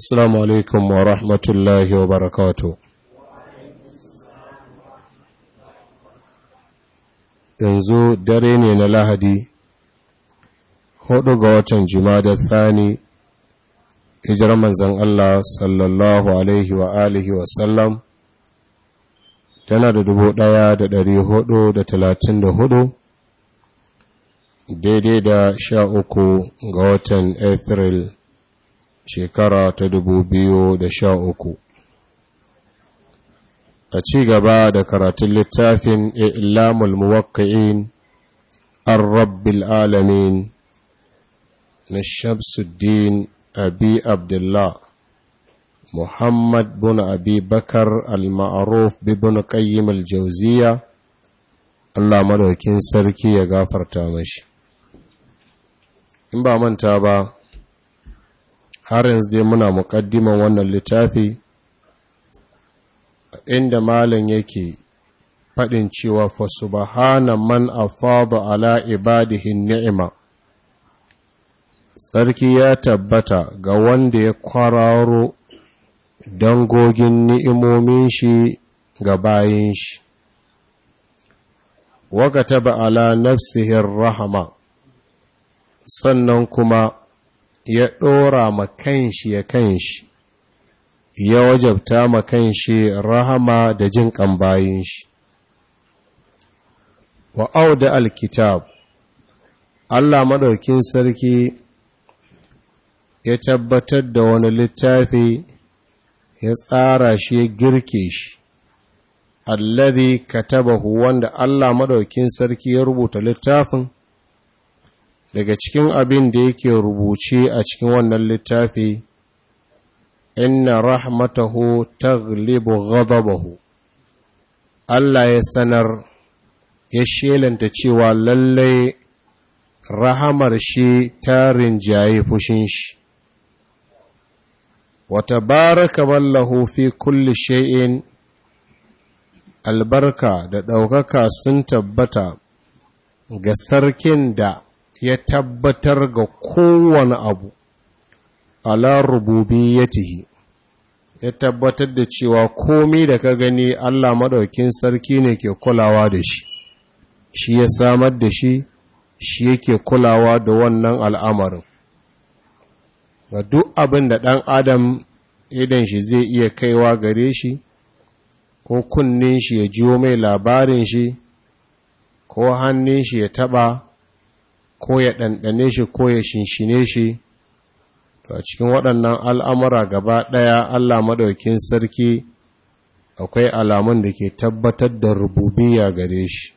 Assalamu alaikum wa rahmatullahi wa barakatu. Yanzu dare ne na Lahadi, hudu ga watan Jumada Thani, hijirar manzan Allah sallallahu alaihi wa wa sallam, tana da dubu ɗaya da dari hudu da talatin da hudu, daidai da sha uku ga watan Afril shekara ta dubu biyu da sha uku. a ci gaba da karatun littafin ilamul muwakka'in an rabbil alamin na shamsuddin abi abdullah muhammad bin abi bakar al-ma'aruf bin qayyim al-jawziya allah madaukin sarki ya gafarta mashi in ba manta ba har yanzu dai muna muƙaddiman wannan littafi inda malam yake faɗin cewa fa subhana man afada ala ibadihi ni'ima sarki ya tabbata ga wanda ya kwararo dangogin ni'imomin shi ga bayin shi waka taba ala nafsihin rahama sannan kuma ya ɗora ma kanshi ya kanshi ya wajabta ma kanshi rahama da jin ƙan shi wa auda alkitab Allah maɗaukin sarki ya tabbatar da wani littafi ya tsara shi ya girke shi alladhi katabahu wanda Allah maɗaukin sarki ya rubuta littafin daga cikin abin da yake rubuce a cikin wannan littafi inna rahmatahu taglibu ghadabahu Allah ya sanar ya shelanta cewa lallai rahamar shi ta rinjayi fushin shi wa tabaraka wallahu fi kulli shay'in albarka da ɗaukaka sun tabbata ga sarkin da ya tabbatar ga kowane abu ala rububi ya Ya tabbatar da cewa komai da ka gani Allah maɗaukin sarki ne ke kulawa da shi shi ya samar da shi shi yake kulawa da wannan al'amarin ga duk abin da ɗan adam idan shi zai iya kaiwa gare shi ko kunnen shi ya jiwo mai labarin shi ko hannun shi ya taɓa ko ya ɗanɗane shi ko ya shinshine shi to a cikin waɗannan al'amura gaba ɗaya Allah maɗaukin sarki akwai alamun da ke tabbatar da rububiya gare shi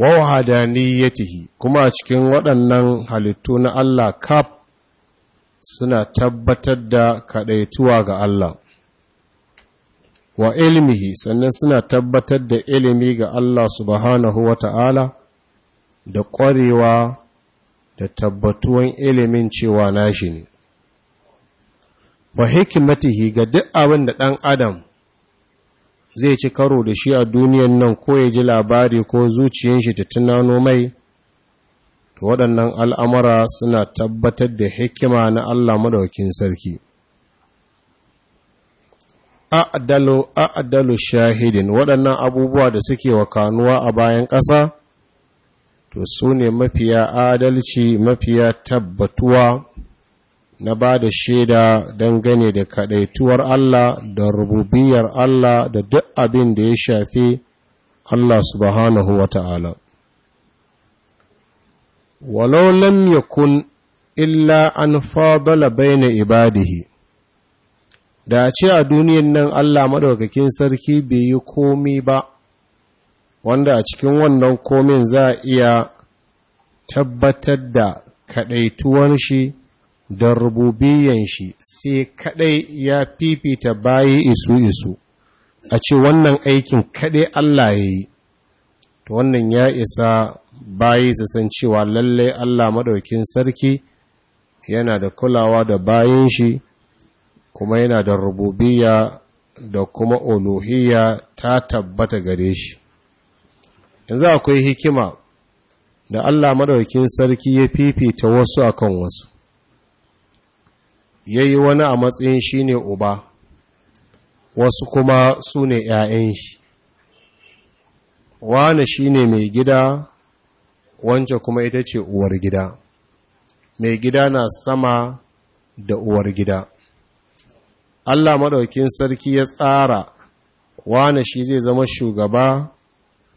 wawahadaniyatihi kuma a cikin waɗannan halittu na Allah kaf suna tabbatar da kaɗaituwa ga Allah wa ilmihi sannan suna tabbatar da ilimi ga Allah subhanahu wa ta'ala da ƙwarewa da tabbatuwan ilimin cewa nashi ne ba hikimatihi ga duk abin da ɗan adam zai ci karo da shi a duniyan nan ko ya ji labari ko zuciyan shi ta tunano mai to waɗannan al'amura suna tabbatar da hikima na Allah maɗaukin sarki a'dalu adalo shahidin waɗannan abubuwa da suke wa kanuwa a bayan ƙasa to su ne mafiya adalci mafiya tabbatuwa na ba da shaida dangane da kaɗaituwar Allah da rububiyar Allah da duk abin da ya shafi Allah subhanahu wa ta'ala. Walau lam yakun illa an fadala baina ibadihi da ce a duniyan nan Allah madaukakin sarki bai yi komi ba wanda a cikin wannan komin za a iya tabbatar da kaɗaituwan shi da rububiyan shi sai kaɗai ya fifita bayi isu-isu a ce wannan aikin kaɗai Allah ya yi to wannan ya isa bayi su san cewa lallai Allah maɗaukin sarki yana da kulawa da bayan shi kuma yana da rububiya da kuma Oluhiya ta tabbata gare shi yanzu akwai hikima da Allah Maɗaukin sarki ya fifita wasu akan wasu yayi wani a matsayin shi ne uba wasu kuma su ne ‘ya'yan shi wani ne mai gida wance kuma ita ce uwar gida mai gida na sama da uwar gida Allah Maɗaukin sarki ya tsara wani shi zai zama shugaba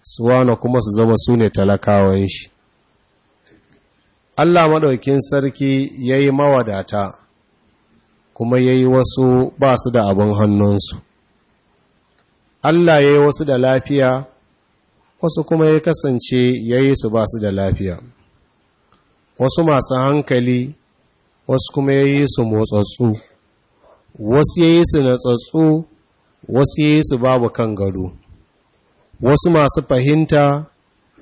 suwana kuma su zama su ne talakawan shi Allah maɗaukin sarki ya yi mawadata kuma ya yi wasu ba su da abin hannunsu Allah ya yi wasu da lafiya wasu kuma ya kasance ya yi su ba su da lafiya wasu masu hankali wasu kuma ya yi su motsatsu wasu ya yi su natsatsu wasu ya yi su babu kan gado wasu masu fahimta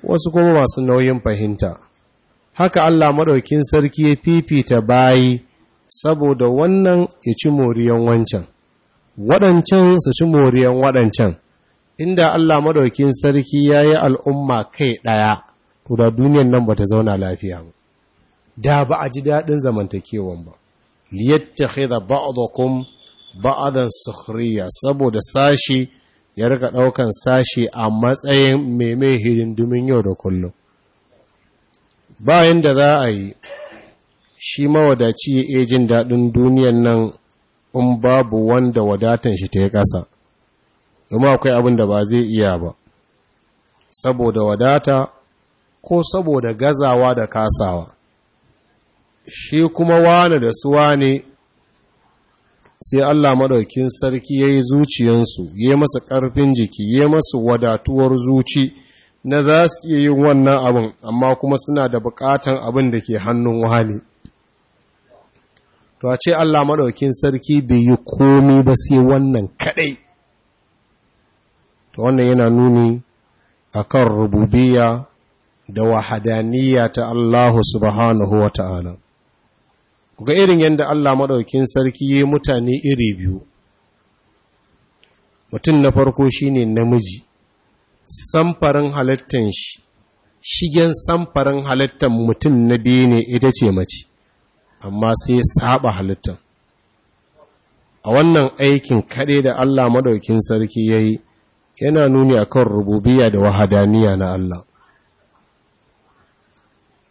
wasu kuma masu nauyin fahimta haka Allah maɗaukin sarki ya fifita bayi saboda wannan ya ci moriyan wancan waɗancan su ci moriyan waɗancan inda Allah maɗaukin sarki ya yi al'umma kai ɗaya to da duniyar nan ba ta zauna lafiya ba da ba a ji daɗin zamantakewan ba liyatta khidha ba'dakum ba'dan sukhriya saboda sashi ya rika ɗaukan sashi a matsayin meme hirindumin yau da kullum bayan da za a yi shi mawadaci ya iya jin daɗin duniyan nan in babu wanda wadatan shi ta yi ƙasa domin akwai abin da ba zai iya ba saboda wadata ko saboda gazawa da kasawa shi kuma wane da suwa ne sai Allah maɗaukin sarki ya yi zuciyansu ya yi masa ƙarfin jiki ya yi masu wadatuwar zuci na za su iya yin wannan abin amma kuma suna da buƙatan abin da ke hannun wani to a ce Allah maɗaukin sarki bai yi komi ba sai wannan kaɗai to wannan yana nuni a kan rububiya da wahadaniya ta Allah subhanahu wa ta'ala ga irin yadda Allah maɗaukin sarki ya mutane iri biyu mutum na farko shine namiji samfarin halittar shi shigen samfarin halittan mutum na biyu ne ita ce mace amma sai saba halittan a wannan aikin kaɗai da Allah maɗaukin sarki ya yi yana nuni akan rububiya da wahadaniya na Allah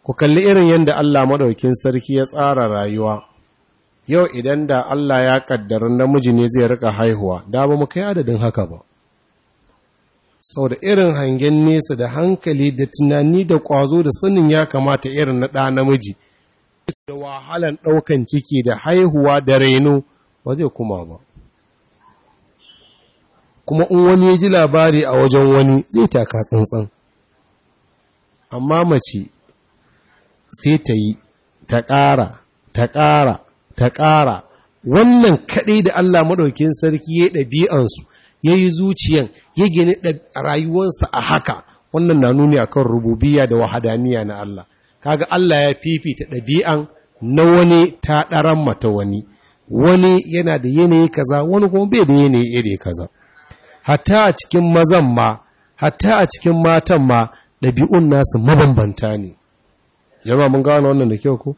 ku kalli irin yadda Allah maɗaukin sarki ya tsara rayuwa yau idan da Allah ya ƙaddarin namiji ne zai rika haihuwa da ba mu kai adadin haka ba sau da irin hangen nesa da hankali da tunani da ƙwazo da sanin ya kamata irin na ɗa namiji da wahalan ɗaukan ciki da haihuwa da reno ba zai kuma ba kuma in wani ya ji labari a wajen wani zai taka tsantsan amma mace sai ta yi ta ƙara ta ƙara ta ƙara wannan kaɗai da Allah maɗaukin sarki ya ɗabi'ansu ya yi zuciyan ya gini rayuwarsa a haka wannan na nuni kan rububiya da wahadaniya na Allah kaga Allah ya fifita ɗabi'an na wani ta ɗaran mata wani wani yana da yanayi kaza wani kuma bai da yanayi iri kaza hatta a cikin mazan ma hatta a cikin matan ma ɗabi'un nasu mabambanta ne jama'a mun gano wannan da kyau ko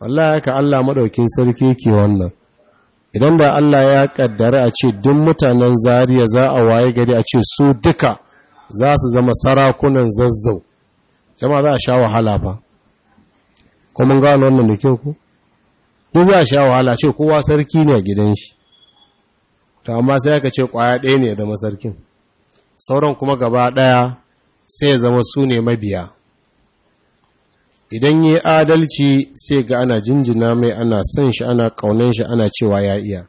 wallahi haka Allah madaukin sarki yake wannan idan da Allah ya kaddara a ce duk mutanen Zariya za a waye gari a ce su duka za su zama sarakunan zazzau jama'a za a sha wahala fa ko mun gano wannan da kyau ko duk za a sha wahala ce kowa sarki ne a gidan shi to amma sai aka ce kwaya ɗaya ne ya zama sarkin sauran kuma gaba ɗaya sai ya zama su ne mabiya idan yi adalci sai ga ana jinjina mai ana son shi ana kaunan shi ana cewa ya iya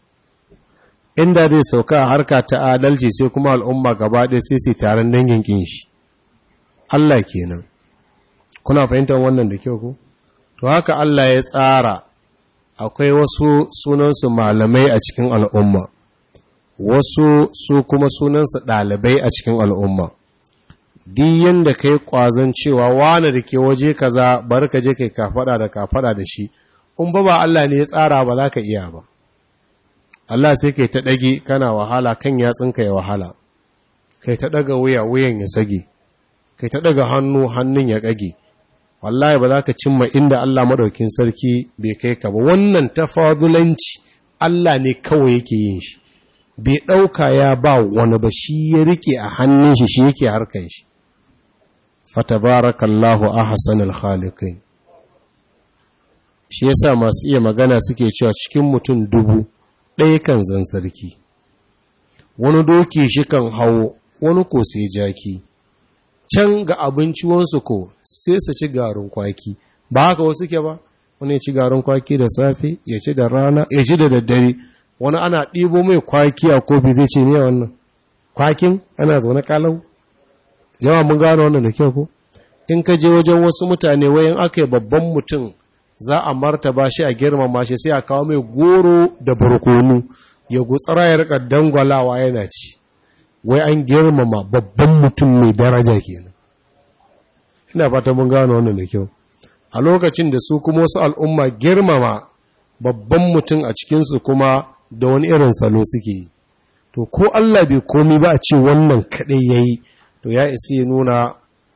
inda zai sauka a harka ta adalci sai kuma al'umma gaba ɗaya sai sai taron dangin kin shi Allah kenan kuna fahimtar wannan da kyau ko to haka Allah ya tsara akwai wasu sunansu malamai a cikin al'umma wasu su kuma sunansu ɗalibai a cikin al'umma duk yanda yi kwazon cewa wani da ke waje kaza bar ka je kai kafada da kafada da shi in ba ba Allah ne ya tsara ba za ka iya ba Allah sai kai ta ɗage kana wahala kan yatsinka ya wahala kai ta ɗaga wuya wuyan ya sage kai ta ɗaga hannu hannun ya kage wallahi ba za ka cimma inda Allah maɗaukin sarki bai kai ka ba wannan ta tafadulanci Allah ne kawai yake yin shi bai ɗauka ya ba wani ba shi ya rike a hannun shi shi yake harkan shi fatabarakallahu ahsanul khaliqin shi yasa masu iya magana suke cewa cikin mutum dubu ɗaya kan zan sarki wani doki shi kan hawo wani ko sai jaki can ga abinci wansu ko sai su ci garin kwaki ba haka wasu ke ba wani ya ci garin kwaki da safe ya ci da rana ya ci da daddare wani ana ɗibo mai kwaki a kofi zai ce ne wannan kwakin ana zaune kalau jama mun gano wannan da kyau ko in ka je wajen wasu mutane wayan aka yi babban mutum za a martaba shi a girmama shi sai a kawo mai goro da barkonu ya gutsara ya rika dangwalawa yana ci wai an girmama babban mutum mai daraja kenan ina fata mun gano wannan da kyau a lokacin da su kuma wasu al'umma girmama babban mutum a cikinsu kuma da wani irin salo suke yi to ko Allah bai komi ba a ce wannan kaɗai ya yi to ya isi nuna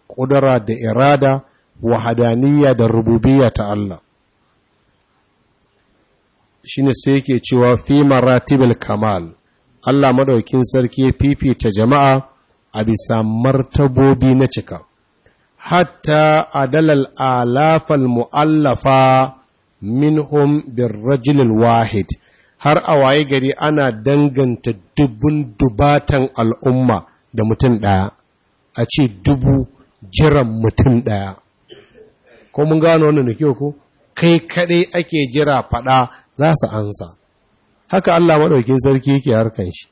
ƙudura da irada wahadaniya da rububiya ta Allah shine sai yake cewa fi maratibul kamal Allah madaukin sarki fifita jama'a a bisa martabobi na cika hatta adalal alafal mu'allafa minhum birrajulil wahid har a waye gari ana danganta dubun dubatan al'umma da mutum ɗaya a ce dubu jiran mutum ɗaya ko mun gano wannan da kyau ko kai kaɗai ake jira faɗa za su ansa haka Allah maɗaukin sarki yake harkan shi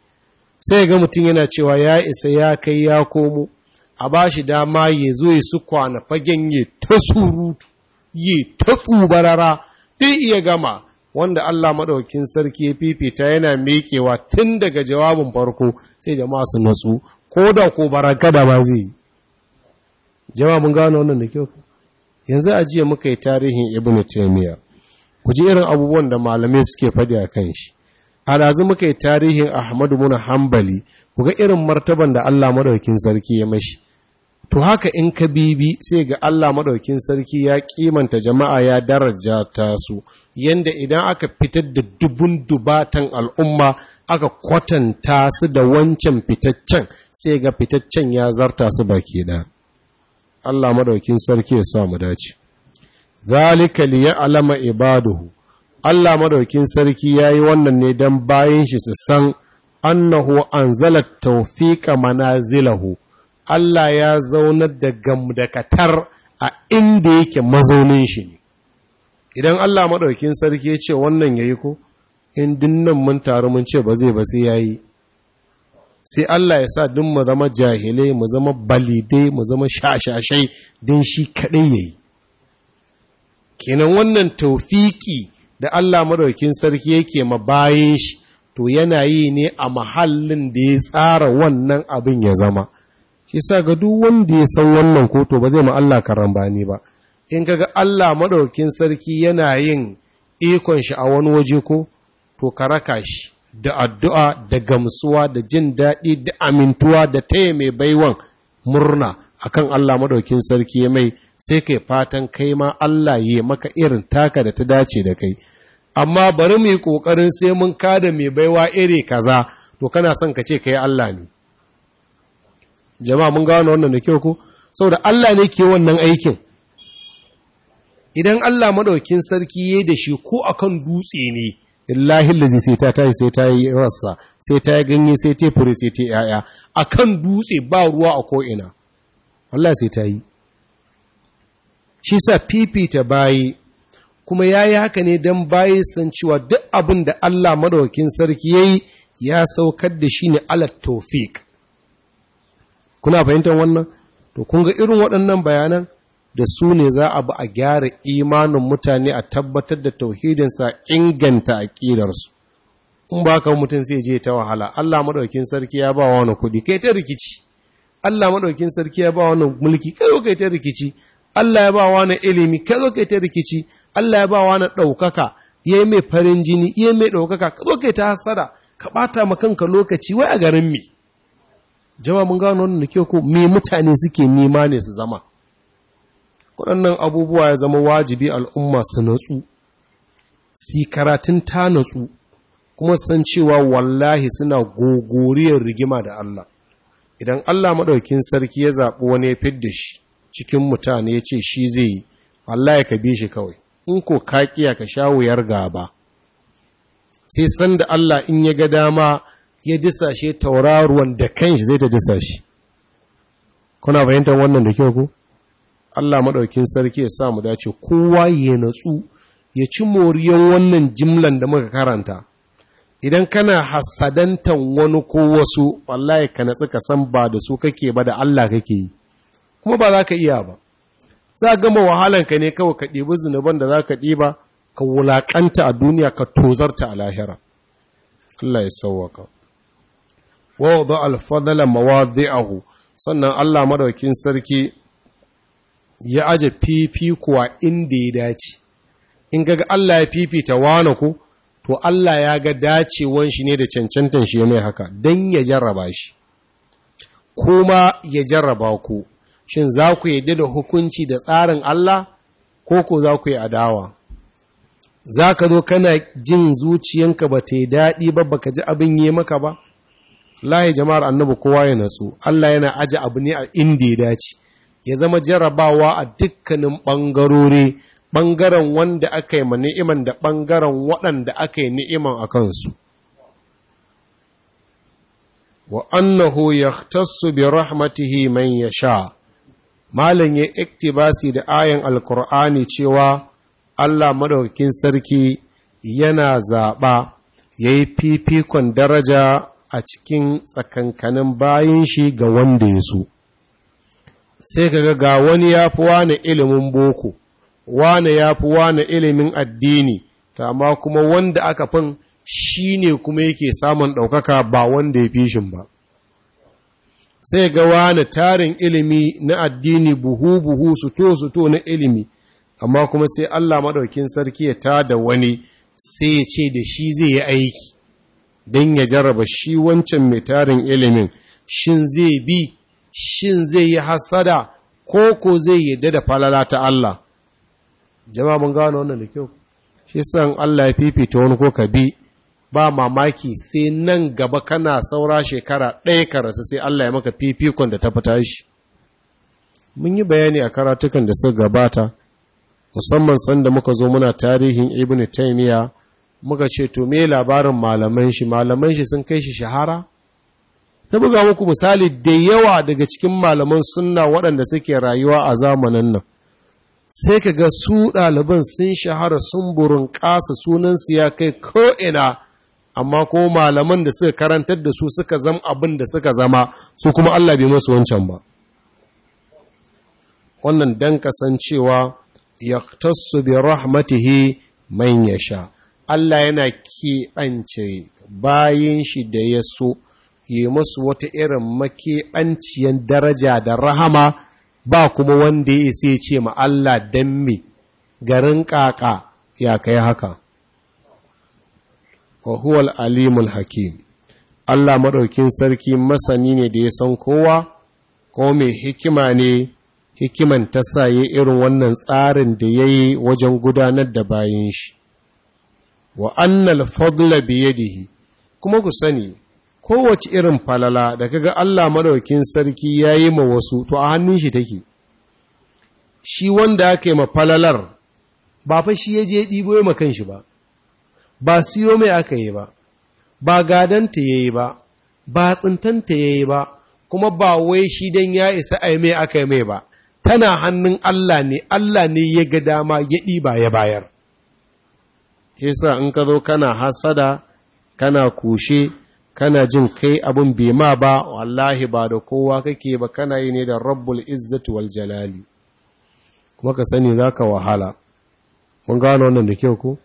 sai ga mutum yana cewa ya isa ya kai ya komo a ba shi dama ya zo ya su kwana fagen ya ta surutu ya ta tsubarara ɗin iya gama wanda Allah maɗaukin sarki ya fifita yana miƙewa tun daga jawabin farko sai jama'a su natsu ko da ko barakada ba zai yi mun gano wannan da kyau yanzu a jiya muka yi tarihin ibnu taymiya ku ji irin abubuwan da malamai suke faɗi a kan shi a dazu muka yi tarihin ahmadu muna hambali ku ga irin martaban da allah madaukin sarki ya mashi to haka in ka bibi sai ga allah madaukin sarki ya kimanta jama'a ya daraja ta su yanda idan aka fitar da dubun dubatan al'umma aka kwatanta su da wancan fitaccen sai ga fitaccen ya zarta su baki da. Allah madaukin sarki ya sa mu dace zalika liya'lama ibaduhu Allah madaukin sarki yayi wannan ne dan bayin shi su san annahu anzala tawfiqa manazilahu Allah ya zaunar da gamdakatar a inda yake mazaunin shi ne idan Allah madaukin sarki ya ce wannan yayi ko in dinnan mun taru mun ce ba zai ba sai yayi sai Allah ya sa din mu zama jahilai mu zama balidai mu zama shashashai din shi kadai yayi kenan wannan tawfiki da Allah madaukin sarki yake ma bayan shi to yana yi ne a mahallin da ya tsara wannan abin ya zama shi sa ga duk wanda ya san wannan ko to ba zai ma Allah karambani ba in kaga Allah madaukin sarki yana yin ikon shi a wani waje ko to ka raka shi da addu'a da gamsuwa da jin daɗi da amintuwa da taya mai baiwan murna a kan Allah maɗaukin sarki ya mai sai kai fatan kai ma Allah ya maka irin taka da ta dace da kai amma bari mu yi ƙoƙarin sai mun kada mai baiwa iri kaza to kana son ka ce yi Allah ne jama'a mun gano wannan da kyau ko saboda Allah ne ke wannan aikin idan Allah maɗaukin sarki ya da shi ko akan dutse ne illahi lazi sai ta tashi sai ta yi rassa sai ta yi ganye sai ta fure sai ta yaya akan dutse ba ruwa a ko'ina Allah sai ta yi shi sa fifita bayi kuma ya yi haka ne don bayi san cewa duk abin da Allah madawakin sarki ya yi ya saukar da shi ne ala tofik kuna fahimtar wannan to kun ga irin waɗannan bayanan da su ne za a bi a gyara imanin mutane a tabbatar da tauhidinsa inganta aƙidarsu in ba ka mutum sai je ta wahala Allah maɗaukin sarki ya ba wa wani kuɗi kai ta rikici Allah maɗaukin sarki ya ba wa wani mulki kai zo kai ta rikici Allah ya ba wa wani ilimi kai zo kai ta rikici Allah ya ba wa wani ɗaukaka ya mai farin jini ya mai ɗaukaka ka zo kai ta hasada ka ɓata ma kanka lokaci wai a garin mi. jama mun gano wannan da kyau ko me mutane suke nema ne su zama waɗannan abubuwa ya zama wajibi al'umma su natsu si karatun ta natsu kuma san cewa wallahi suna gogoriyar rigima da Allah idan Allah maɗaukin sarki ya zaɓi wani ya da shi cikin mutane ya ce shi zai yi Allah ya kabe shi kawai in ko kaƙiya ka sha wuyar gaba sai san da Allah in ya ga dama ya disashe tauraruwan da shi zai ta disa shi. kuna fahimtar wannan da kyau ko? Allah maɗaukin sarki ya sa mu dace kowa ya natsu ya ci moriyan wannan jimlan da muka karanta idan kana hasadantan wani ko wasu wallahi ka natsu ka san ba da su kake ba da Allah kake yi kuma ba za ka iya ba za a gama ka ne kawai ka ɗibi zunuban da za ka ɗiba ka wulaƙanta a duniya ka tozarta a lahira Allah ya sauwaka wa wadda alfadala mawadhi'ahu sannan Allah maɗaukin sarki ya aje fifikuwa inda ya dace in ga Allah ya fifita wane ku to Allah ya ga dacewan shi ne da cancantan shi mai haka don ya jarraba shi kuma ya jarraba ku shin za ku yi da hukunci da tsarin Allah ko ko za ku yi adawa za ka zo kana jin zuciyanka ba ta yi daɗi ba baka ji abin yi maka ba lahi jama'ar annabu kowa ya natsu Allah yana aji abu ne a inda ya dace ya zama jarabawa a dukkanin ɓangarori ɓangaren wanda aka yi ma ni'iman da ɓangaren waɗanda aka yi ni'iman a kansu wa annahu yahtassu bi rahmatihi man sha, malam ya iktibasi da ayan alkur'ani cewa Allah maɗaukin sarki yana zaɓa ya yi fifikon daraja a cikin tsakankanin bayan shi ga wanda ya so sai ka ga wani ya fi wane ilimin boko wane ya fi wane ilimin addini ta amma kuma wanda aka fin shi ne kuma yake samun ɗaukaka ba wanda ya fi shin ba sai ga wane tarin ilimi na addini buhu-buhu suto-suto na ilimi amma kuma sai Allah maɗaukin sarki ya ta da wani sai ya ce da shi zai yi aiki don ya jarraba shi wancan mai tarin ilimin shin zai bi shin zai yi hasada ko ko zai yadda da falala ta Allah Jama mun gano wannan da kyau shi san Allah ya fifita wani ko ka bi ba mamaki sai nan gaba kana saura shekara ɗaya ka rasu sai Allah ya maka fifikon da ta fita shi mun yi bayani a karatukan da suka gabata musamman sanda muka zo muna tarihin ibn Taimiyya muka ce to me labarin malaman shi malaman shi sun kai shi shahara Ta buga muku misali da yawa daga cikin malaman sunna waɗanda suke rayuwa a zamanin nan sai ka ga su ɗaliban sun shahara sun burin ƙasa sunansu ya kai ko'ina amma ko malaman da suka karantar da su suka zama abin da suka zama su kuma Allah bai masu wancan ba wannan dan kasancewa tasu bi rahmatihi man sha. Allah yana keɓance bayan shi da ya so yi masu wata irin makeɓanciyar daraja da rahama ba kuma wanda ya sai ce ma Allah don me garin ƙaƙa ya kai haka. wahuwal alimul hakim, Allah maɗaukin sarki masani ne da ya san kowa, ko mai hikima ne hikiman ta sa saye irin wannan tsarin da ya yi wajen gudanar da bayan shi. Wa annal fadla biyadihi, kuma ku sani, kowace irin falala da kaga Allah madaukin sarki ya yi ma wasu to a hannun shi take shi wanda aka yi ma falalar ba fa shi ya je ɗibo ma kanshi ba ba siyo mai aka yi ba ba gadanta ya yi ba ba tsintanta ya yi ba kuma ba wai shi don ya isa a mai aka yi mai ba tana hannun Allah ne Allah ne ya ga dama ya ɗiba ya bayar shi in ka zo kana hasada kana kushe kana jin kai abin bai ba wallahi ba da kowa kake ba kana yi ne da rabbul izzati wal jalali kuma ka sani zaka wahala mun gano wannan da kyau ko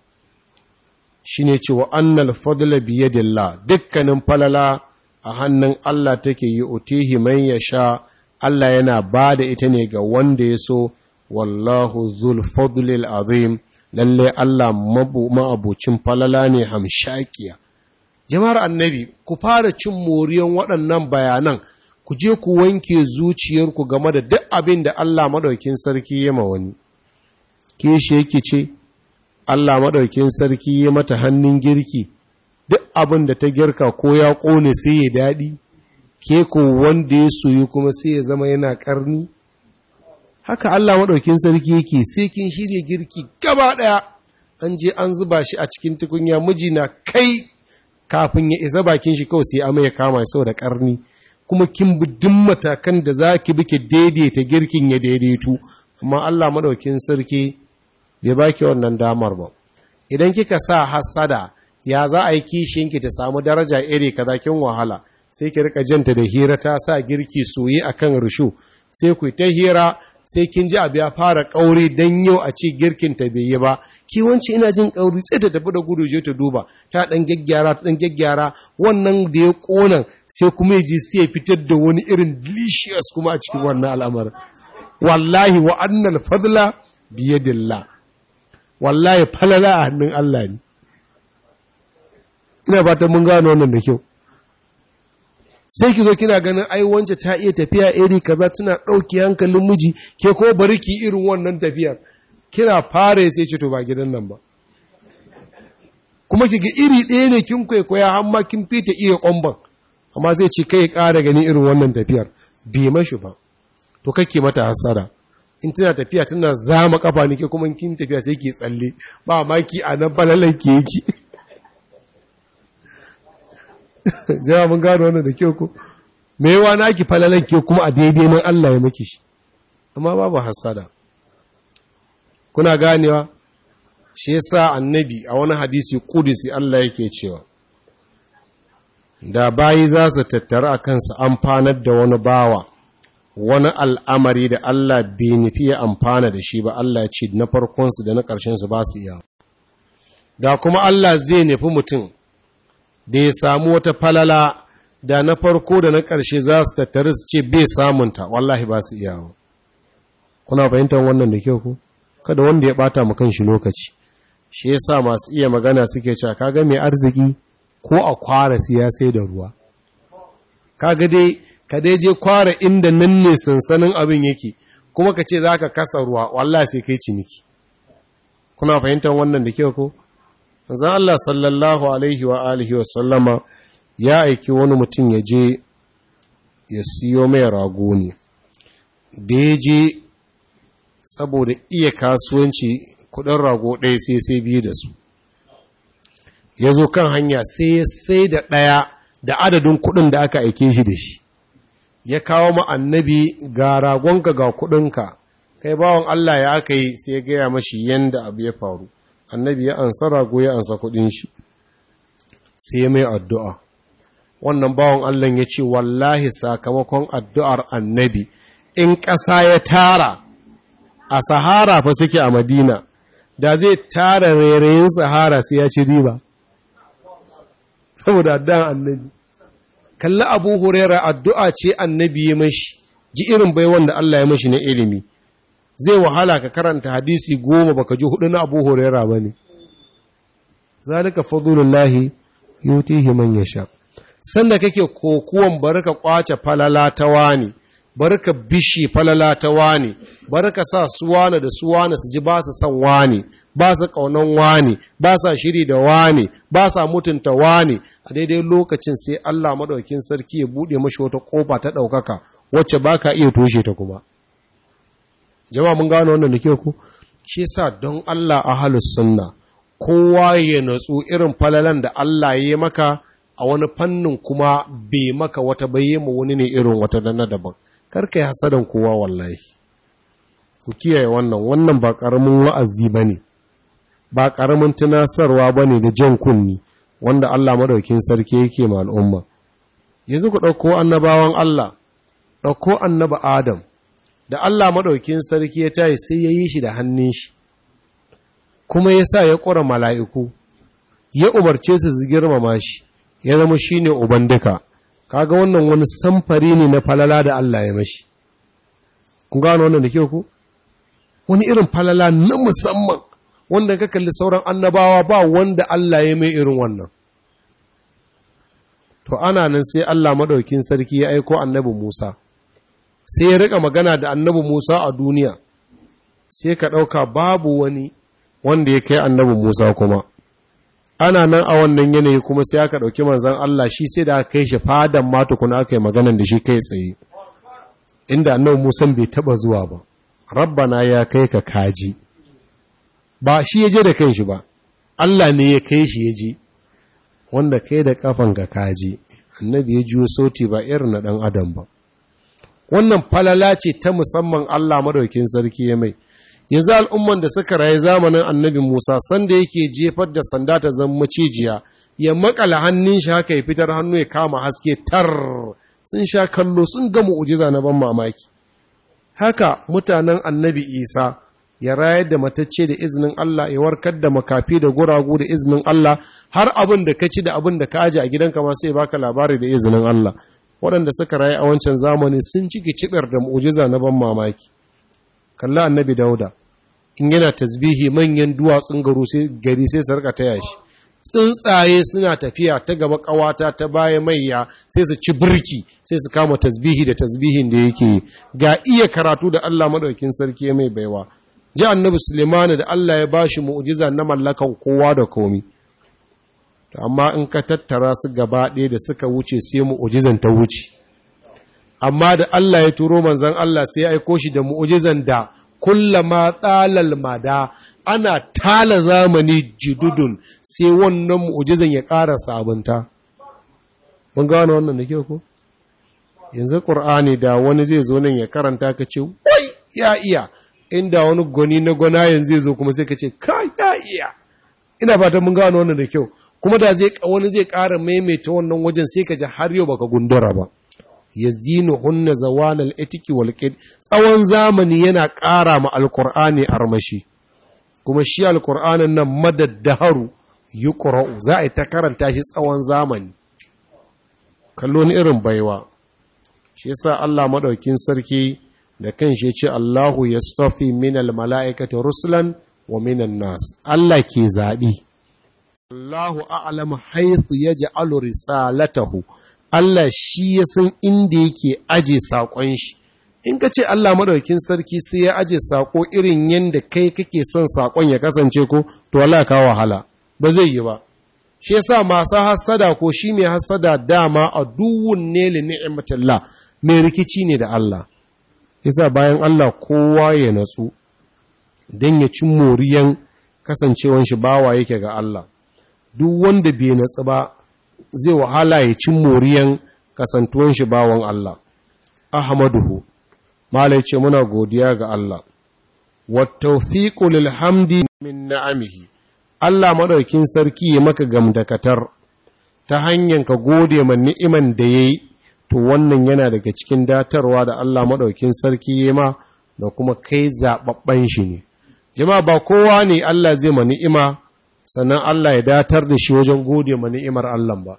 shine cewa annal fadla bi yadillah dukkanin falala a hannun Allah take yi utihi man yasha Allah yana ba da ita ne ga wanda ya so wallahu zul fadlil azim lalle Allah ma'abucin falala ne hamshakiya jama'ar annabi ku fara cin moriyan waɗannan bayanan ku je ku wanke zuciyarku game da duk abin da Allah maɗaukin sarki ya ma wani ke shi yake ce Allah maɗaukin sarki ya mata hannun girki duk abin da ta girka ko ya ƙone sai ya daɗi ke ko wanda ya soyu kuma sai ya zama yana ƙarni haka Allah maɗaukin sarki yake sai kin shirya girki gaba ɗaya an je an zuba shi a cikin tukunya miji na kai kafin ya isa bakin shi kawai sai amai ya kama sau da karni kuma kin bi duk matakan da za ki bi ki daidaita girkin ya daidaitu amma Allah madaukin sarki bai baki wannan damar ba idan kika sa hasada ya za a yi kishinki ta samu daraja iri kaza kin wahala sai ki rika janta da hira ta sa girki soye akan rushu sai ku ta hira sai kin ji abu ya fara kauri dan yau a ce girkin ta bai yi ba ki wanci ina jin kauri sai ta tafi da gudu je ta duba ta ɗan gaggyara ta dan gaggyara wannan da ya ƙona sai kuma ya ji sai ya fitar da wani irin delicious kuma a cikin wannan al'amar wallahi wa annal fadla biyadillah wallahi falala a hannun Allah ne ina fatan mun gano wannan da kyau sai ki zo kina ganin ai wance ta iya tafiya iri kaza tana ɗauki hankalin miji ke ko bari ki irin wannan tafiyar kina fara sai ce to ba gidan nan ba kuma ki ga iri ɗaya ne kin kwaikwaya amma kin fita iya ƙwamban amma zai ci kai ƙara gani irin wannan tafiyar bi mashi ba to kake mata hasara in tana tafiya tana zama kafa ne ke kuma kin tafiya sai ki tsalle ba maki a nan balalan ke yake jama mun gano wannan da kyau ko me yawa na ki falalan ke kuma a daidai nan Allah ya maki shi amma babu hasada kuna ganewa shi yasa annabi a wani hadisi kudisi Allah yake cewa da bayi za su tattara a kansu amfanar da wani bawa wani al'amari da Allah bai nufi ya amfana da shi ba Allah ce na farkonsu da na ƙarshensu ba su iya da kuma Allah zai nufi mutum da ya samu wata falala da na farko da na ƙarshe za su tattari su ce bai samunta wallahi ba su iyawa kuna fahimtar wannan da kyau ku kada wanda ya bata mu kanshi lokaci shi yasa masu iya magana suke cewa kaga mai arziki ko a kwara siya sai da ruwa kaga dai ka dai je kwara inda nan ne sansanin abin yake kuma ka ce zaka kasa ruwa wallahi sai kai ciniki kuna fahimtar wannan da kyau ko manzan Allah sallallahu alaihi wa alihi wa sallama ya aiki wani mutum ya je ya siyo mai rago ne da ya je saboda iya kasuwanci kudin rago ɗaya sai sai biyu da su ya zo kan hanya sai ya sai da ɗaya da adadin kudin da aka aike shi da shi ya kawo ma annabi ga ragonka ga kudinka kai bawon Allah ya aka yi sai ya gaya mashi yadda abu ya faru annabi ya ansa rago ya ansa kudin shi sai mai addu'a wannan bawan Allah ya ce wallahi sakamakon addu'ar annabi in ƙasa ya tara a sahara fa suke a madina da zai tara rairayin sahara sai ya ci riba saboda addu'ar annabi kalli abu hurera addu'a ce annabi ya mashi ji irin bai wanda Allah ya mashi na ilimi zai wahala ka karanta hadisi goma baka ji hudu na abu horera ba ne zalika fadlullahi himan man sha. sanda kake kokuwan barka kwace falala ta wani barka bishi falala ta wani barka sa suwana da suwana su ji ba su san wani ba su kaunan wani ba sa shiri da wani ba sa mutunta wani a daidai lokacin sai Allah maɗaukin sarki ya buɗe mashi wata kofa ta ɗaukaka wacce baka iya toshe ta kuma jama'a mun gano wannan da ke ku shi sa don Allah a halus sunna kowa ya natsu irin falalan da Allah ya yi maka a wani fannin kuma bai maka wata baye mu wani ne irin wata na daban kar yi hasadan kowa wallahi ku kiyaye wannan wannan ba karamin wa'azi ba ne, ba karamin tunasarwa ne da jan kunni wanda Allah madaukin sarki yake ma al'umma yanzu ku dauko annabawan Allah dauko annaba Adam da Allah maɗaukin sarki ya tayi sai ya yi shi da hannun shi kuma ya sa ya ƙura mala'iku ya umarce su su girmama shi ya zama shi ne uban duka kaga wannan wani samfari ne na falala da Allah ya mashi kun gano wannan da ke ku wani irin falala na musamman wanda ka kalli sauran annabawa ba wanda Allah ya mai irin wannan to ana nan sai Allah maɗaukin sarki ya aiko annabi Musa sai ya rika magana da annabi Musa a duniya sai ka ɗauka babu wani wanda ya kai annabi Musa kuma ana nan a wannan yanayi kuma sai aka ɗauki manzan Allah shi sai da aka kai shi fadan ma kuna aka yi maganan da shi kai tsaye inda annabi Musa bai taba zuwa ba rabbana ya kai ka kaji ba shi ya je da kanshi ba Allah ne ya kai shi ya ji wanda kai da kafan ka kaji annabi ya jiyo sauti ba irin na ɗan adam ba wannan falala ce ta musamman Allah madaukin sarki ya mai yanzu al'umman da suka rayu zamanin annabi Musa sanda yake jefar da sanda ta zama macijiya ya makala hannun shi haka ya fitar hannu ya kama haske tar sun sha kallo sun ga mu'ujiza na ban mamaki haka mutanen annabi Isa ya rayar da matacce da izinin Allah ya warkar da makafi da guragu da izinin Allah har abin da ka ci da abin da ka aje a gidanka ma sai baka labari da izinin Allah waɗanda suka rayu a wancan zamani sun ciki ciɓar da mu'ujiza na ban mamaki kalla annabi dauda in yana tasbihi manyan duwatsun gari sai su ta taya shi tsuntsaye suna tafiya ta gaba kawata ta baya maiya sai su ci birki sai su kama tasbihi da tasbihin da yake ga iya karatu da Allah maɗaukin sarki mai baiwa ji annabi Sulemanu da Allah ya bashi mu'ujiza na mallakan kowa da komi amma in ka tattara su gaba ɗaya da suka wuce sai mu'ujizan ta wuce amma da Allah ya turo manzan Allah sai ya aiko shi da mu'ujizan da kullama talal mada ana tala zamani jududun sai wannan mu'ujizan ya ƙara sabunta mun gano wannan da kyau ko yanzu ƙur'ani da wani zai zo nan ya karanta ka ce wai ya iya inda wani gwani na gwana yanzu zai zo kuma sai ka ce ka ya iya ina fatan mun gano wannan da kyau kuma da zai wani zai ƙara maimaita wannan wajen sai ka ji har yau baka gundura ba ya zinu hunna zawanal etiki wal tsawon zamani yana ƙara ma alkur'ani armashi kuma shi alkur'anin nan yi yuqra'u za a yi ta karanta shi tsawon zamani Kallon irin baiwa shi yasa Allah maɗaukin sarki da kanshi ya ce Allahu yastafi minal mala'ikati Ruslan wa minan nas Allah ke zaɓi. Allahu ya ji yaj'alu risalatahu Allah shi ya san inda yake aje sakon shi in ka ce Allah maɗaukin sarki sai ya aje sako irin yadda kai kake son sakon ya kasance ko to Allah ka wahala ba zai yi ba shi sa masu hasada ko shi mai hasada dama a duwun nele li mai rikici ne da Allah yasa bayan Allah kowa ya natsu dan ya ci moriyan kasancewan shi bawa yake ga Allah duk wanda bai natsu ba zai wahala ya cin moriyan kasantuwan shi bawan Allah ahmaduhu mala ce muna godiya ga Allah wa tawfiqu lil hamdi min na'amihi Allah maɗaukin sarki ya maka gamdakatar ta hanyar ka gode ma ni'iman da yayi to wannan yana daga cikin datarwa da Allah maɗaukin sarki ya ma da kuma kai zababban shi ne jama'a ba kowa ne Allah zai ma ni'ima sannan Allah ya datar da shi wajen gode ma ni'imar Allah ba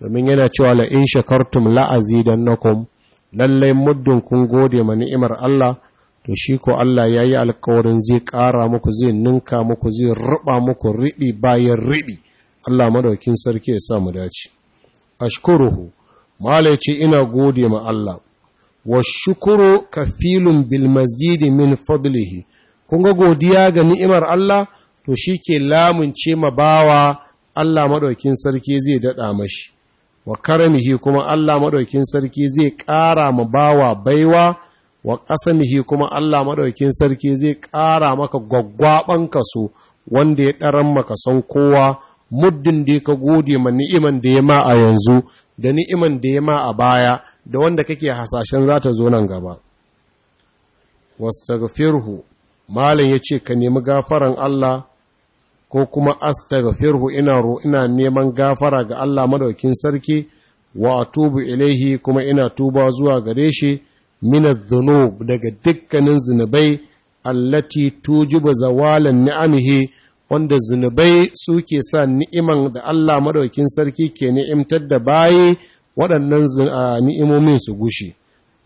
domin yana cewa la in shakartum la azidannakum lallai muddin kun gode ma ni'imar Allah to shi ko Allah ya yi alƙawarin zai ƙara muku zai ninka muku zai ruba muku ribi bayan ribi Allah madaukin sarki ya sa mu dace ashkuruhu mala ina gode ma Allah wa shukuru kafilun bil mazidi min fadlihi kun ga godiya ga ni'imar Allah to shi ke lamunce ma bawa Allah maɗaukin sarki zai daɗa mashi, wa karamihi kuma Allah maɗaukin sarki zai ƙara ma bawa baiwa, wa ƙasamihi kuma Allah maɗaukin sarki zai ƙara maka gwaggwaɓan kaso wanda ya ɗaran maka son kowa, muddin da ka gode ma ni'iman da ya ma a yanzu, da ni'iman da ya ma a baya, da wanda kake hasashen za ta zo nan gaba. Wasu Malam ya ce, Ka nemi gafaran Allah, ko kuma astaghfirhu ina ina neman gafara ga Allah madaukin sarki wa atubu ilaihi kuma ina tuba zuwa gare shi min dhunub daga dukkanin zunubai allati tujibu zawalan ni'amihi wanda zinubai suke sa ni'iman da Allah madaukin sarki ke ni'imtar da bayi waɗannan ni'imomin su gushi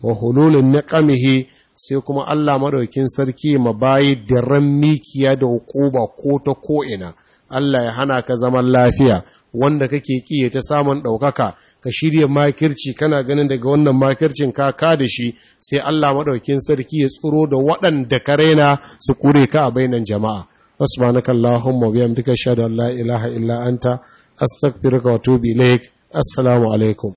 wa hululun niqamihi sai kuma Allah maɗaukin sarki ma bayi diran mikiya da hukuba ko ta ko'ina Allah ya hana ka zaman lafiya wanda kake kiye ta samun ɗaukaka ka shirya makirci kana ganin daga wannan makircin ka ka da shi sai Allah maɗaukin sarki ya tsoro da waɗanda ka raina su kure ka a bainan jama'a subhanaka allahumma wa bihamdika ashhadu an la ilaha illa anta astaghfiruka wa atubu ilaik assalamu alaikum